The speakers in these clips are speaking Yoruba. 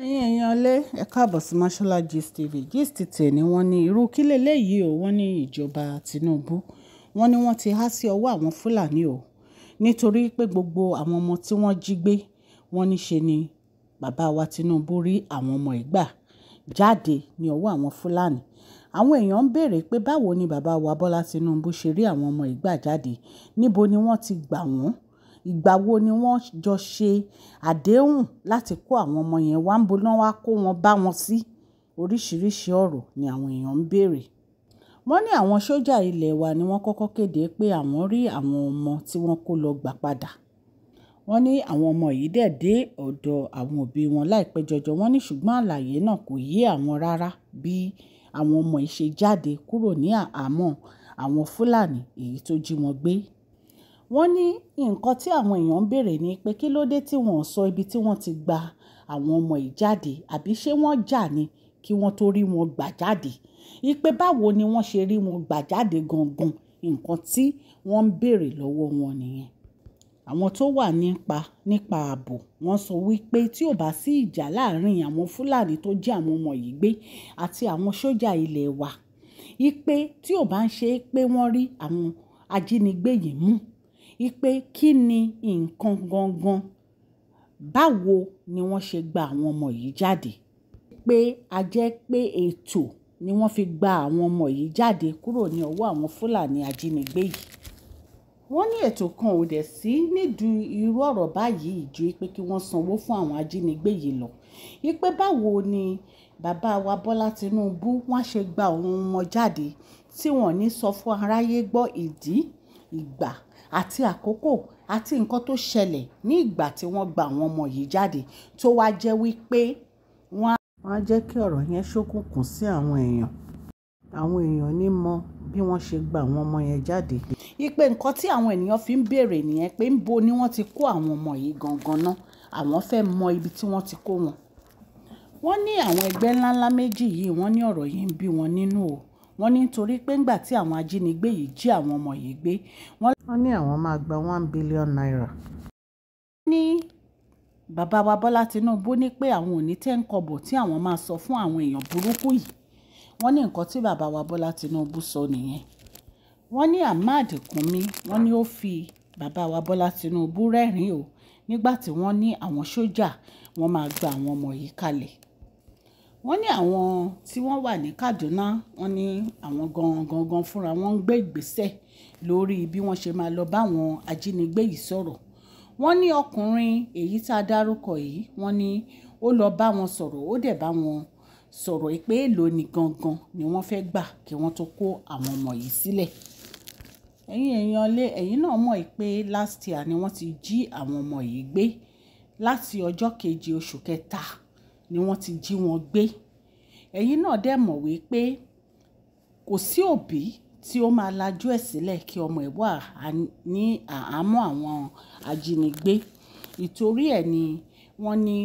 Ẹ̀yin èèyàn ilé, ẹ káàbọ̀ sí Mashola Gist TV. Gist tèmi wọ́n ní irú kí leléyìí o, wọ́n ní ìjọba Tinubu. Wọ́n ní wọ́n ti há sí ọwọ́ àwọn Fúlàní o. Nítorí pé gbogbo àwọn ọmọ tí wọ́n jí gbé, wọ́n ní ṣe ni bàbá wa Tinubu rí àwọn ọmọ ẹ̀ jáde ní ọwọ́ àwọn Fúlàní. Àwọn èèyàn ń béèrè pé báwo ni bàbá wa Bọ́lá Tinubu ṣe rí àwọn ọmọ ẹ̀ jáde? Níbo ni wọ́n ti gbà wọ́n? ìgbà wo ni wọ́n jọ ṣe àdéhùn láti kó àwọn ọmọ yẹn wá? Ńbo ni wọ́n wá kó wọn bá wọn sí? Oríṣiríṣi ọ̀rọ̀ ni àwọn èèyàn ń bèèrè. Wọ́n ní àwọn sójà ilẹ̀ wa ni wọ́n kọ́kọ́ kéde pé àwọn rí àwọn ọmọ tí wọ́n kó lọ gbà padà. Wọ́n ní àwọn ọmọ yìí dẹ̀ dé ọ̀dọ̀ àwọn òbí wọn láìpẹ́ jọjọ. Wọ́n ní ṣùgbọ́n àlàyé náà kò yé àwọn rárá bí àwọn ọmọ yìí ṣe jáde kúrò ní àhámọ́ àwọn Fúlàní èyí tó jí wọn gbé wọ́n ní nǹkan tí àwọn èèyàn ń béèrè ni pé kí ló dé tí wọ́n sọ ibi tí wọ́n ti gba àwọn ọmọ yìí jáde àbí ṣé wọ́n jà ni kí wọ́n tó rí wọn gbà jáde ipe báwo ni wọ́n ṣe rí wọn gbà jáde gangan nǹkan tí wọ́n ń béèrè lọ́wọ́ wọn nìyẹn àwọn tó wà nípa nípa ààbò wọ́n sọ wípé tí ò bá sí ìjà láàrin àwọn fúlàní tó jí àwọn ọmọ yìí gbé àti àwọn sójà ilé wa ipe tí ò bá ń ṣe é pé wọ́n rí àwọn ajínigbé yìí mú wípé kí ni nǹkan gangan, báwo ni wọ́n ṣe gba àwọn ọmọ yìí jáde. Pé a jẹ́ pé ètò ni wọ́n fi gba àwọn ọmọ yìí jáde kúrò ní ọwọ́ àwọn Fúlàní ajínigbé yìí. Wọ́n ní ètò kan ò dẹ̀ sí nídìí irú ọ̀rọ̀ báyìí ju wípé kí wọ́n sanwó fún àwọn ajínigbé yìí lọ. Wípé báwo ni bàbá wa Bọ́lá Tinubu wọ́n ṣe gba àwọn ọmọ jáde tí wọ́n ò ní sọ fún aráyé gbọ́ ìdí, ìgbà àti àkókò àti nǹkan tó ṣẹlẹ̀ ní ìgbà tí wọ́n gba àwọn ọmọ yìí jáde tó wá jẹ́ wípé wọ́n á jẹ́ kí ọ̀rọ̀ yẹn ṣókùnkùn sí àwọn èèyàn àwọn èèyàn ní mọ bí wọ́n ṣe gba àwọn ọmọ yẹn jáde. ipe nǹkan tí àwọn ènìyàn fi ń béèrè nìyẹn pé ń ni wọ́n ti kó àwọn ọmọ yìí gangan náà àwọn fẹ́ mọ ibi tí wọ́n ti kó wọn. wọ́n ní àwọn ẹgbẹ́ ńláńlá méjì yìí wọ́n ní ọ̀rọ̀ yìí ń bí wọn nínú o wọ́n ní nítorí pé ńgbà tí àwọn ajínigbé yìí jí àwọn ọmọ yìí gbé wọ́n. wọ́n ní àwọn máa gba one billion naira. wọ́n ní bàbá wa Bọ́lá Tinubu ní pé àwọn ò ní tẹ́ ń kọbọ̀ tí àwọn máa sọ fún àwọn èèyàn burúkú yìí wọ́n ní nǹkan tí bàbá wa Bọ́lá Tinubu sọ nìyẹn wọ́n ní Ahmad Kunmi wọ́n ní ó fi bàbá wa Bọ́lá Tinubu rẹ́rìn-ín o nígbà tí wọ́n ní àwọn sójà wọ́n máa gba àwọn ọmọ yìí kalẹ̀ wọ́n ní àwọn tí wọ́n wà ní Kaduna wọ́n ní àwọn gangan gan fúnra wọn ń gbé ìgbésẹ̀ lórí bí wọ́n ṣe máa lọ báwọn ajínigbé yìí sọ̀rọ̀ wọ́n ní ọkùnrin èyí tá a dárúkọ yìí wọ́n ní ó lọ bá wọn sọ̀rọ̀ ó dẹ̀ bá wọn sọ̀rọ̀ pé èlò ni gangan ni wọ́n fẹ́ gbà kí wọ́n tó kó àwọn ọmọ yìí sílẹ̀ ẹ̀yin èèyàn lé ẹ̀yin náà mọ̀ pé last year ni wọ́n ti jí àwọn ọmọ yìí gbé láti ọjọ́ keje oṣù kẹta ni wọ́n ti jí wọn gbé. Ẹ̀yin náà dẹ̀ mọ̀ wípé kò sí òbí tí ó máa lajú ẹ̀ sílẹ̀ kí ọmọ ẹ̀ wà ní àhámọ́ àwọn ajínigbé. Nítorí ẹ̀ ni wọ́n ní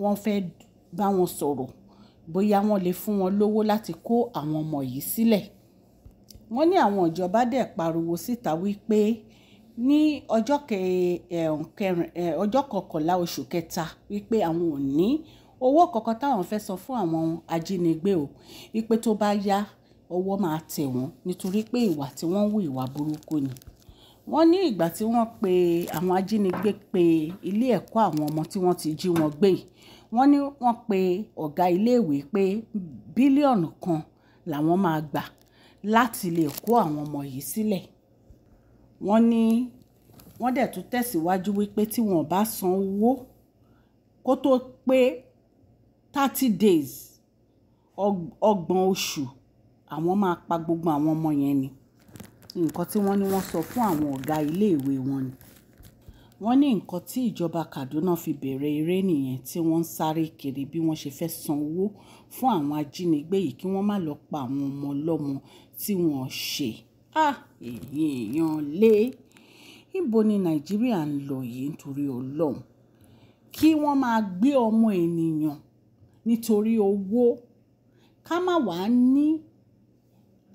wọ́n fẹ́ bá wọn sọ̀rọ̀ bóyá wọ́n lè fún wọn lówó láti kó àwọn ọmọ yìí sílẹ̀. Wọ́n ní àwọn ìjọba dẹ̀ pariwo síta wípé ní ọjọ́ kẹ, ẹ̀, ọjọ́ kọkànlá oṣù kẹta wípé àwọn ò ní owó kọ̀ọ̀kan táwọn fẹ́ san fún àwọn ajínigbé o wípé tó bá yá ọwọ́ máa tẹ̀ wọ́n nítorí pé ìwà tí wọ́n ń hù ìwà burúkú ni wọ́n ní ìgbà tí wọ́n pe àwọn ajínigbé pe ilé ẹ̀kọ́ àwọn ọmọ tí wọ́n ti jí wọn gbé wọ́n ní wọ́n pe ọ̀gá iléèwé pé bílíọ̀nù kan làwọn máa gbà láti lè kó àwọn ọmọ yìí sílẹ̀ wọ́n ní wọ́n dẹ̀ tún tẹ̀síwájú wípé tí wọ́n bá san owó kó tó pé thirty days ọgbọ̀n oṣù àwọn máa pa gbogbo àwọn ọmọ yẹn ni nǹkan tí wọ́n ní wọ́n sọ fún àwọn ọ̀gá iléèwé wọn ni wọ́n ní nǹkan tí ìjọba Kaduna fi bẹ̀rẹ̀ eré nìyẹn tí wọ́n ń sáré kiri bí wọ́n ṣe fẹ́ san owó fún àwọn ajínigbé yìí kí wọ́n má lọ pa àwọn ọmọ ọlọ́mọ tí wọ́n ṣe èyí èèyàn lé ibo ni Nàìjíríà ń lọ yìí nítorí Ọlọ́run kí wọ́n máa gbé ọmọ ènìyàn nítorí owó ká má wàá ní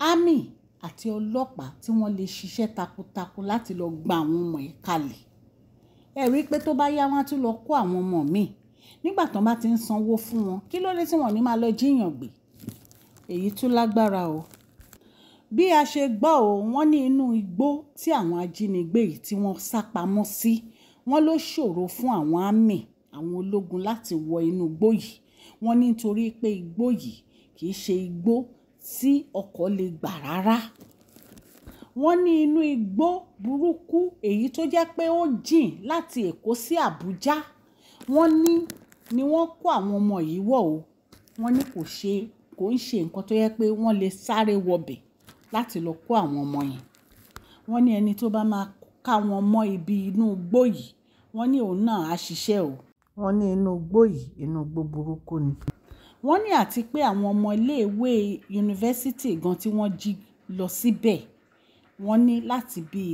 army àti ọlọ́pàá tí wọ́n lè ṣiṣẹ́ takuntakun láti lọ gba àwọn ọmọ ẹ̀ kalẹ̀ ẹ rí i pé tó bá yá wọn á tún lọ kó àwọn ọmọ míì nígbà tán bá ti ń sanwó fún wọn kí ló dé tí wọn ní máa lọ jíyàn gbé èyí tún lágbára o bí a ṣe gbọ́ ò wọ́n ní inú igbó tí àwọn ajínigbé yìí tí wọ́n sá pamọ́ sí wọ́n ló ṣòro fún àwọn àmì àwọn ológun láti wọ inú igbó yìí wọ́n ní nítorí pé igbó yìí kì í ṣe igbó tí ọkọ̀ lè gbà rárá wọ́n ní inú igbó burúkú èyí tó jẹ́ pé ó jìn láti Èkó sí Àbújá wọ́n ní ni wọ́n kó àwọn ọmọ yìí wọ̀ o wọ́n ní kò ṣe kò ń ṣe nǹkan tó yẹ pé wọ́n lè sáré wọbẹ̀ láti lọ kó àwọn ọmọ yẹn wọ́n ní ẹni tó bá máa ká wọn mọ́ ibi inú igbó yìí wọ́n ní òun náà á ṣiṣẹ́ o Wọ́n ní inú igbó yìí, inú igbó burúkú ni. Wọ́n ní àti pé àwọn ọmọ ilé ìwé yunifásítì gan tí wọ́n jí lọ síbẹ̀, wọ́n ní láti bí,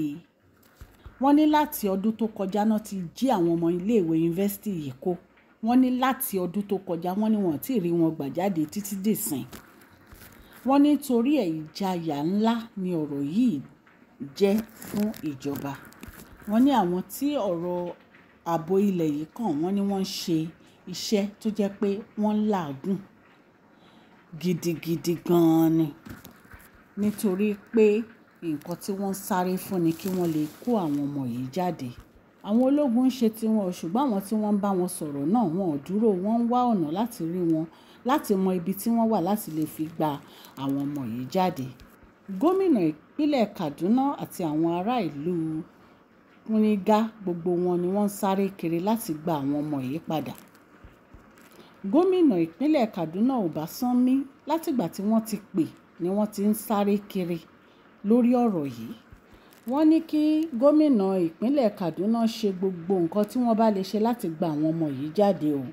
wọ́n ní láti ọdún tó kọjá náà ti jí àwọn ọmọ ilé ìwé yìí kó. Wọ́n ní láti ọdún tó kọjá, wọ́n ní wọ́n ò rí wọn gbà jáde títí di Wọ́n ní torí ẹ̀ ìjayà ńlá ni ọ̀rọ̀ yìí jẹ́ fún ìjọba. Wọ́n ní àwọn tí ọ̀rọ̀ ààbò ilẹ̀ yìí kàn wọ́n ní wọ́n ń ṣe iṣẹ́ tó jẹ́ pé wọ́n làágùn gidigidi gan-an ni nítorí pé nǹkan tí wọ́n ń sáré fún ni kí wọ́n lè kó àwọn ọmọ yìí jáde àwọn ológun ń ṣe tiwọn ṣùgbọ́n àwọn tí wọ́n ń bá wọn sọ̀rọ̀ náà wọn ò dúró wọ́n ń wá ọ̀nà láti rí wọn láti mọ ibi tí wọ́n wà láti lè fi gba àwọn ọmọ yìí jáde gómìnà ìpínlẹ̀ Kaduna àti àwọn ará ìlú píníngá gbogbo wọn ni wọ́n ń sáré kiri láti gba àwọn ọmọ yìí padà gómìnà ìpínlẹ̀ kaduna ọbásanmi látìgbà tí wọ́n ti pè ni wọ́n ti ń sáré kiri lórí ọ̀rọ̀ yìí wọ́n ní kí gómìnà ìpínlẹ̀ kaduna ṣe gbogbo nǹkan tí wọ́n bá lè ṣe láti gba àwọn ọmọ yìí jáde o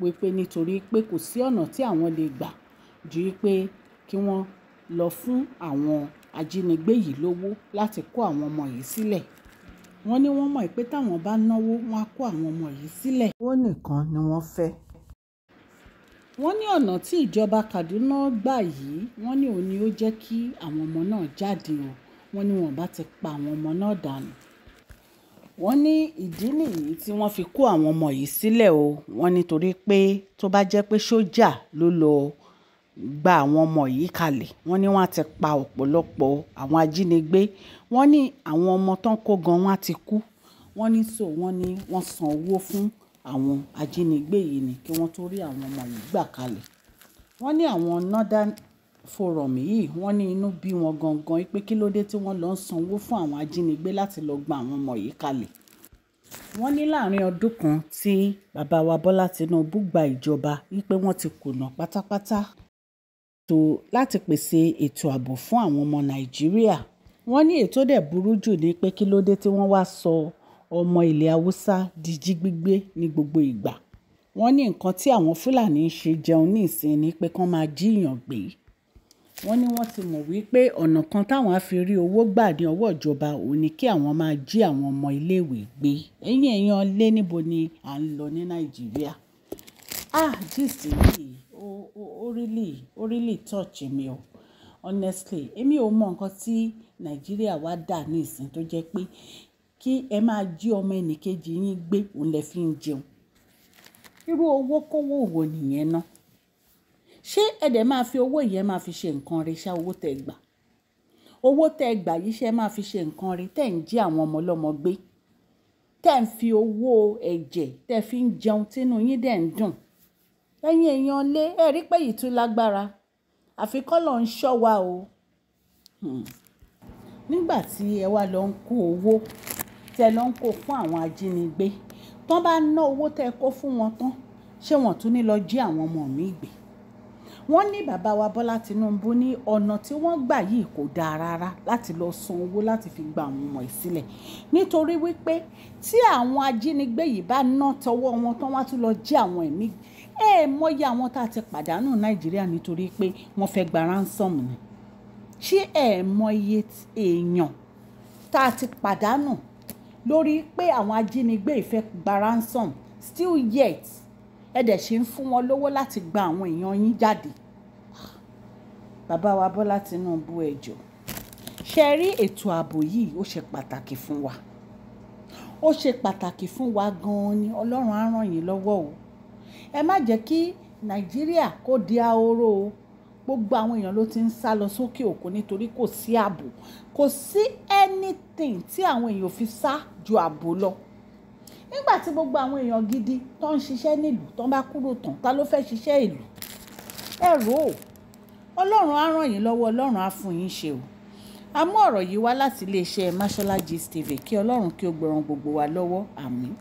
wípé nítorí pé kò sí ọ̀nà tí àwọn lè gbà ju pé kí wọ́n lọ fún àwọn ajínigbé yìí lówó láti kó àwọn ọmọ yìí sílẹ̀ wọ́n ní wọ́n mọ̀ pé táwọn bá náwó wọn á kó àwọn ọmọ yìí sílẹ̀. owó nìkan ni wọ́n fẹ́. wọ́n ní ọ̀nà tí ìjọba Kaduna gbà yìí wọ́n ní òun ni ó jẹ́ kí àwọn ọmọ náà jáde o wọ́n ní wọ́n bá ti pa àwọn ọmọ náà dànù. wọ́n ní ìdí nìyí tí wọ́n fi kó àwọn ọmọ yìí sílẹ̀ o wọ́n nítorí pé tó bá jẹ́ pé sójà ló lọ́ọ́ gba àwọn ọmọ yìí kalẹ̀ wọ́n ní wọ́n á ti pa ọ̀pọ̀lọpọ̀ àwọn ajínigbé wọ́n ní àwọn ọmọ tán kó gan wọ́n á ti kú wọ́n ní so wọ́n ní wọ́n san owó fún àwọn ajínigbé yìí ni kí wọ́n tó rí àwọn ọmọ yìí gbà kalẹ̀ wọ́n ní àwọn northern forum yìí wọ́n ní inú bí wọn gangan pé kí ló dé tí wọ́n lọ ń sanwó fún àwọn ajínigbé láti lọ gba àwọn ọmọ yìí kalẹ̀ wọ́n ní láàrin ọdún kan tí bàbá wa Bọ́lá Tinubu gba ìjọba wípé wọ́n ti kùnà pátápátá ètò láti pèsè ètò ààbò fún àwọn ọmọ nàìjíríà wọ́n ní ètò dẹ̀ burú jù ni pé kí ló dé tí wọ́n wá sọ ọmọ ilẹ̀ haúsá di jí gbígbé ní gbogbo ìgbà wọ́n ní nǹkan tí àwọn fúlàní ń ṣe jẹun ní ìsìn ni pé kán máa jíyàn gbé wọ́n ní wọ́n ti mọ̀ wípé ọ̀nà kan táwọn á fi rí owó gbà ní ọwọ́ ìjọba òun ni kí àwọn máa jí àwọn ọmọ iléèwé gbé ẹ̀yìn èèyàn lé níbo ni à ń lọ ní nàìjíríà ah gist yìí ó ó really ó really touch mi o honestly èmi ò mọ nǹkan tí nàìjíríà wa dà ní ìsìn tó jẹ́ pé kí ẹ máa jí ọmọ ẹnìkejì yín gbé òun lẹ fi ń jẹun irú owó kówó wo nìyẹn ná ṣé ẹ dẹ̀ máa fi owó yẹn máa fi ṣe nǹkan rẹ ṣá owó tẹ́ gbà owó tẹ́ gbà yìí ṣe máa fi ṣe nǹkan rẹ tẹ́ ń jí àwọn ọmọ ọlọ́mọ gbé tẹ́ ń fi owó ẹ̀jẹ̀ tẹ́ fi ń jẹun tínú yín dẹ̀ ń dùn ẹ̀yin èèyàn lé ẹ rí pé yìí tún lágbára àfi kọ́lọ̀ ń ṣọ́ wa o hmm. nígbà tí ẹ wá lọ ń kó owó tẹ lọ ń kó fún àwọn ajínigbé tán bá ná owó tẹ kó fún wọn tán ṣé wọn tún ní lọ jí àwọn ọmọ mi gbé wọ́n ní bàbá wa Bọ́lá Tinubu ní ọ̀nà tí wọ́n gbà yìí kò dáa rárá láti lọ san owó láti fi gba àwọn ọmọ ìsílẹ̀ nítorí wípé tí àwọn ajínigbé yìí bá ná tọwọ́ wọn tán wá tún lọ jí àwọn ẹ̀mí ẹ̀ mọ́yé àwọn tá a ti pàdánù Nàìjíríà nítorí pé wọ́n fẹ́ gba ransom ni ṣé ẹ̀ mọ́yé èèyàn tá a ti pàdánù lórí pé àwọn ajínigbé ìfẹ́ gba ransom still yet ẹ dẹ̀ ṣe ń fún wọn lówó láti gba àwọn èèyàn yín jáde bàbá wa Bọ́lá Tinubu ẹ jọ̀ọ́ ṣe rí ètò ààbò yìí ó ṣe pàtàkì fún wa ó ṣe pàtàkì fún wa gan-an ni Ọlọ́run á ràn yín lọ́wọ́ o ẹ má jẹ́ kí Nàìjíríà kó di ahoro o gbogbo àwọn èèyàn ló ti ń sá lọ sókè òkun nítorí kò sí ààbò kò sí anything tí àwọn èèyàn fi sá ju ààbò lọ nígbà tí gbogbo àwọn èèyàn gidi tó ń ṣiṣẹ́ nílùú tó ń bá kúrò tán ta ló fẹ́ ṣiṣẹ́ ìlú ẹ rò ọlọ́run á ràn yín lọ́wọ́ ọlọ́run á fún yín ṣe o a mú ọ̀rọ̀ yìí wá láti iléeṣẹ́ mashola gist kí ọlọ́run kí ó gbọ́ràn gbogbo wa lọ́wọ́ àmín